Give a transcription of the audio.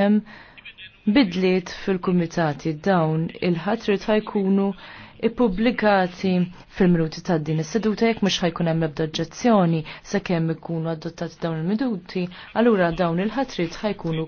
Hemm, bidliet fil-kumitati dawn il-ħatrit ħajkunu ippubblikati fil-minuti ta' din is-seduta jekk mhux ħajkun hemm ebda oġġezzjoni sakemm ikunu adottati dawn il-minuti, allura dawn il-ħatrit ħajkunu